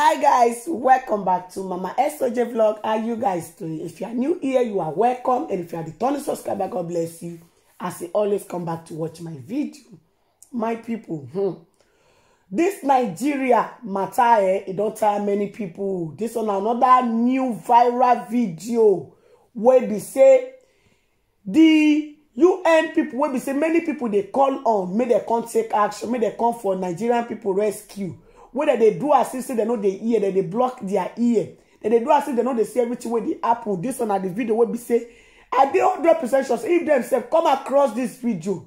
hi guys welcome back to mama soj vlog how you guys doing if you are new here you are welcome and if you are the returning subscriber god bless you as you always come back to watch my video my people hmm. this nigeria matter eh e don tire many people this one another new viral video where they say the un people wey be say many people they call on make they come take action make they come for nigerian people rescue whether they do assist they know they ear, then they block their ear Then they do assist they know they see everything with the apple this one at the video will be say are they 100 percent sure if themselves come across this video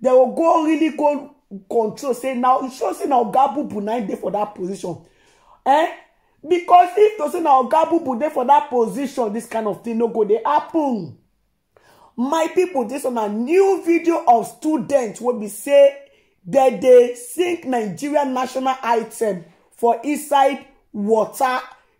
they will go really go control say now it shows say now gabubu nine day for that position eh because if to say na oga bubu for that position this kind of thing no go The apple. my people this one a new video of students wey be say dem dey sing nigeria national item for inside water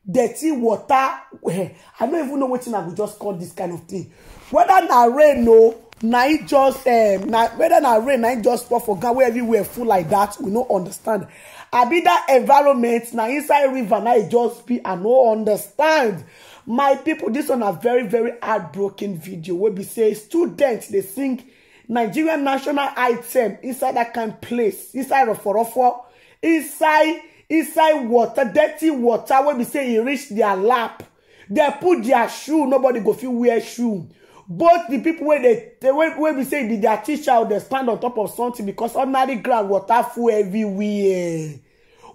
dirty water i no even know wetin i go just call this kind of thing whether na rain o na it e just um, na whether na rain na it e just pour for ground Where everywhere full like that we no understand abi that environment na inside river na it e just be i no understand my people this one na very very heartbroken video wey be say students dey sing Nigerian national item inside that kind of place, inside Roforofo, inside inside water, dirty water, when we say it e reach their lap, they put their shoe, nobody go feel wear shoe. Both the people where they, they where when we say be their teacher, they stand on top of something because ordinary ground water full everywhere.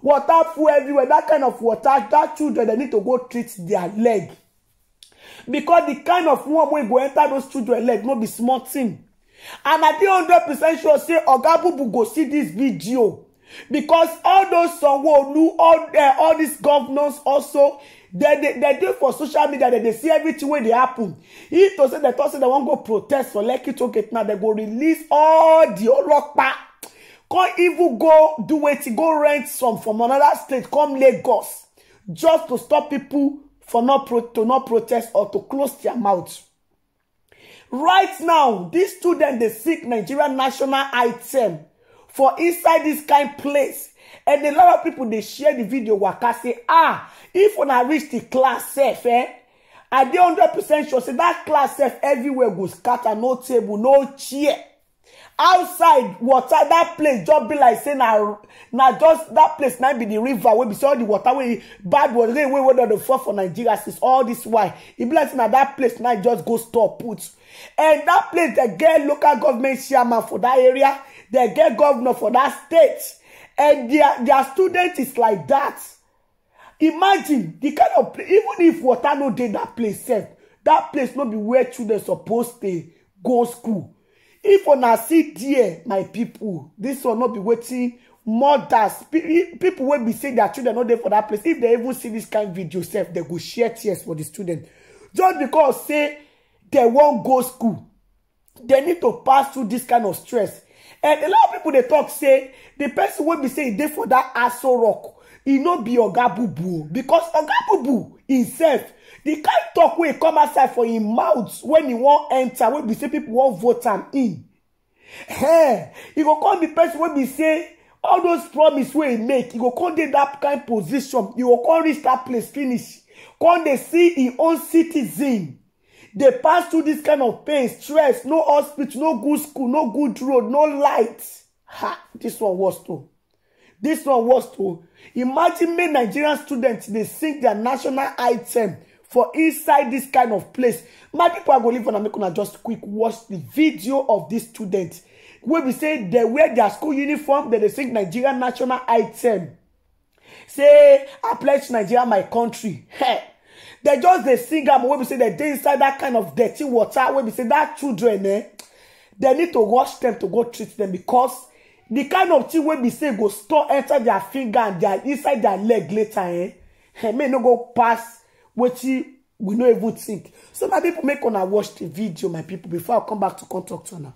Water full everywhere. That kind of water, that children, they need to go treat their leg. Because the kind of one wey go enter those children leg no be small thing and i dey hundred percent sure say oga bubu go see dis video because all those sanwo-olu all uh, all these governors also dem dey dem dey for social media dem dey see everything wey dey happen if to say dem talk say dem wan go protest for lekki toll gate now dem go release all di olopa come even go do wetin go rent some from another state come lagos just to stop pipo for not pro to not protest or to close their mouth right now these students they seek Nigerian national item for inside dis kain place and a lot of people they share the video waka say ah if una reach the class safe, eh i dey 100 percent sure say that class safe everywhere go scatter no table no chair outside water that place just be like say na na just that place na be the river wey be say all di water wey bad water wey wey don dey fall for nigeria since all this while e be like say na dat place na just go store put and that place dem get local government chairman for that area dem get governor for that state and their their student is like that. imagine the kind of place even if water no dey that place sef dat place no be where children suppose stay go school if una see there my people, this one no be waiting. mothers people will be saying their children not there for that place if they even see this kind of video self, they go share tears for the student just because say they won't go school they need to pass through this kind of stress and a lot of people they talk say the person will be saying e for that asshole rock He not be oga bubu o becos oga himself The kind talk wey come outside for im mouth when he wan enter. wey be say people wan vote am in eh e go come be person wey be say all those promise wey he make he go come dey that kind position He go come reach that place finish come dey see im own citizen dey pass through this kind of pain stress no hospital no good school no good road no light ha This one worse too This one worse too imagine make nigerian students dey sing their national anthem for inside this kind of place my pipo i go leave for make una just quick watch the video of this student wey be say dem wear their school uniform dem dey sing nigeria national item say i pledge nigeria my country Hey. dem just dey sing am wey be say dem dey inside that kind of dirty water wey be say that children eh dem need to wash them to go treat them because the kind of thing wey be say go store enter their finger and inside their leg later eh may no go pass wetin we no even think so my people, make una watch the video my people. before i come back to come talk to una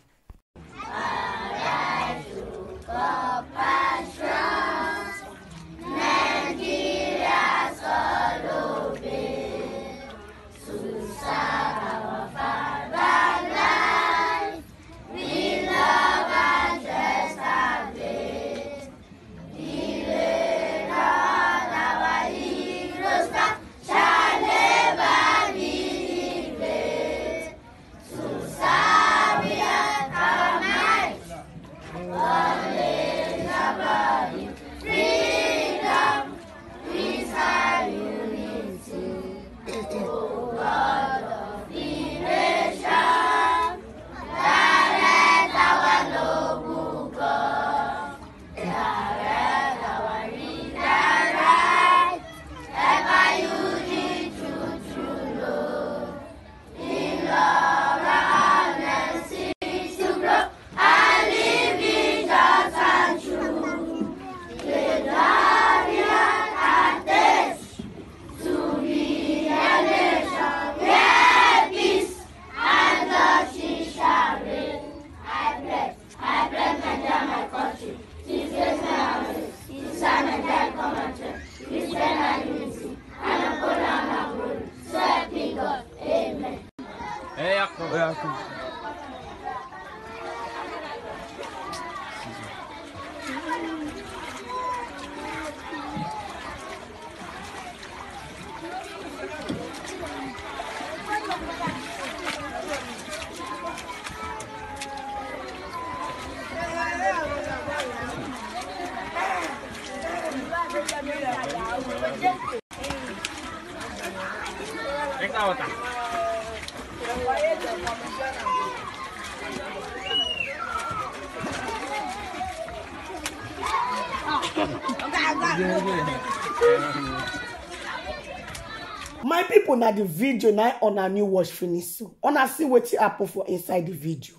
my people, na the video na una new watch finish On a see wetin happen for inside the video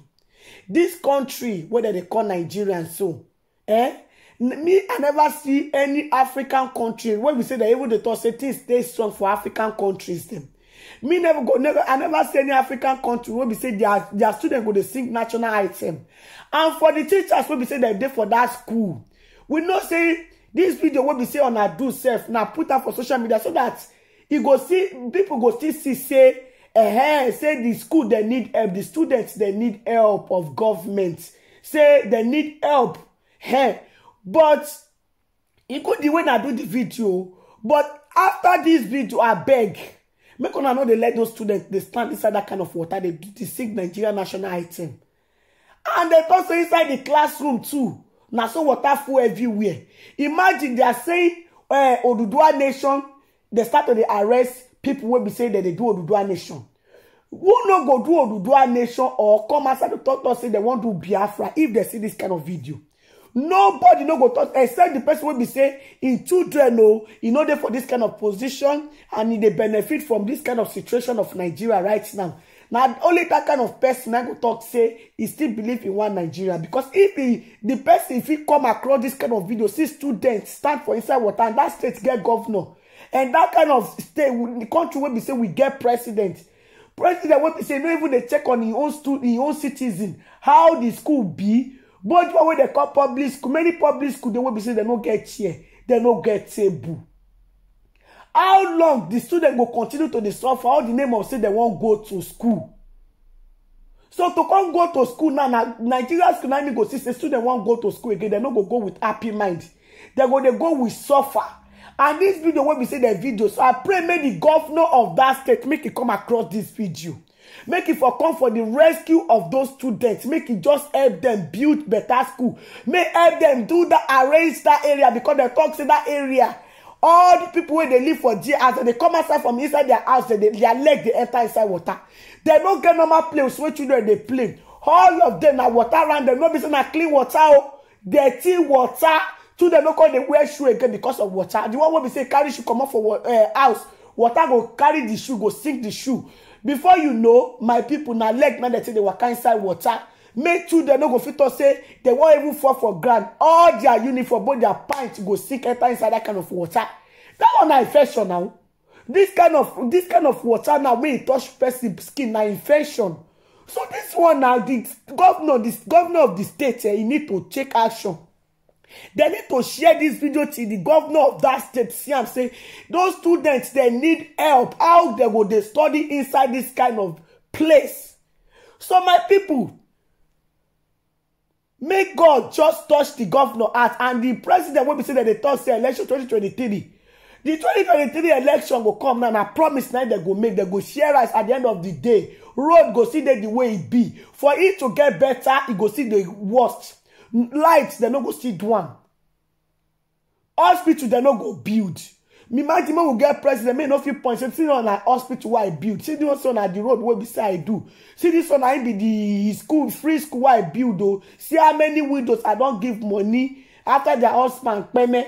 This country wey they call nigeria so eh me i never see any african country where we say that even the talk say things dey strong for african countries them me never go never i never see any african country wey be say their their students go to sing national item, and for the teachers wey be say dem dey for that school we know say this video wey be say on una do self now put am for social media so that e go see people go still see say eh, say the school they need help the students they need help of government say they need help hey. Eh. but include the when I do the video but after this video I beg make una no dey let those students they stand inside that kind of water They do the sick nigeria national item and they come say inside the classroom too na so water full everywhere imagine they are saying uh, eh, oduduwa nation they start to dey arrest people Will be saying that they do oduduwa nation who no go do oduduwa nation or come outside to talk to us say dem wan do biafra if they see this kind of video nobody no go talk except the person will be say in children o oh, e no dey for this kind of position and e dey benefit from this kind of situation of nigeria right now Now only that kind of person i go talk say e still believe in one nigeria because if e the person if he come across this kind of video see students stand for inside water and that state get governor and that kind of state the country will be say we get president president will be say no even they check on his own stu his own citizen how the school be But one wey dem call public school many public school dey wey be say they no get chair they no get table how long the student will continue to suffer all the name of say they won't go to school so to come go to school now na nigeria school na go see the student won't go to school again They no go go with happy mind dem go dey go with suffer and dis video wey be say dem video so i pray may the governor of that state make it e come across this video make e for come for the rescue of those students make e just help them build better school May help them do that arrange that area because dem talk say that area all the people wey dey live for there as dem come outside from inside their house their leg dey enter inside water dem no get normal place wey children dey play all of dem na water around dem no be say na clean water o dirty water children no come dey wear shoe again because of water the one wey be say carry shoe comot for eh, house water go carry the shoe go sink the shoe before you know my people na leg na dem say dey waka inside water make children no go fit talk say dem wan even fall for ground all their uniform both their pint go sink enter inside that kind of water that one na infection now this kind of this kind of water now wey e touch person skin na infection so this one na the governor the governor of the state eh, e need to take action They need to share this video to the governor of that state see I'm saying those students they need help how they go They study inside this kind of place so my people, may god just touch the govnor heart and the president wey be saying that they touch the election 2023 The 2023 election will come now And I promise now they go make they go share us at the end of the day road go see that the way e be for it to get better e go see the worst light dem no go still do am hospital dem no go build Me mimadi wey we get president make no fit point say see na na hospital wey i build see this one na the road wey be say i do see this one na him be the school free school wey i build o oh. see how many widows i don give money after their husband peme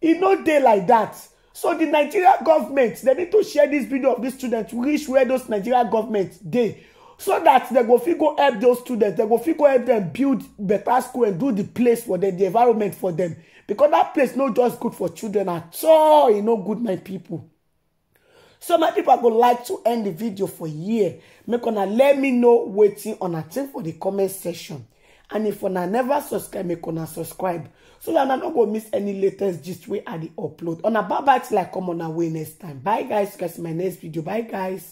e no dey like that so the nigeria government dem need to share this video of these students reach where those nigeria government dey so that they go fit go help those students They go fit go help them build better school and do the place for them, the environment for them. because that place no just good for children at all e no good my people. so my people go like to end the video for here make una let me know waiting on a thing for the comment section and if una never subscribe make una subscribe so that una no go miss any latest gist wey i the upload una bye bye till i come on away next time bye guys guys my next video bye guys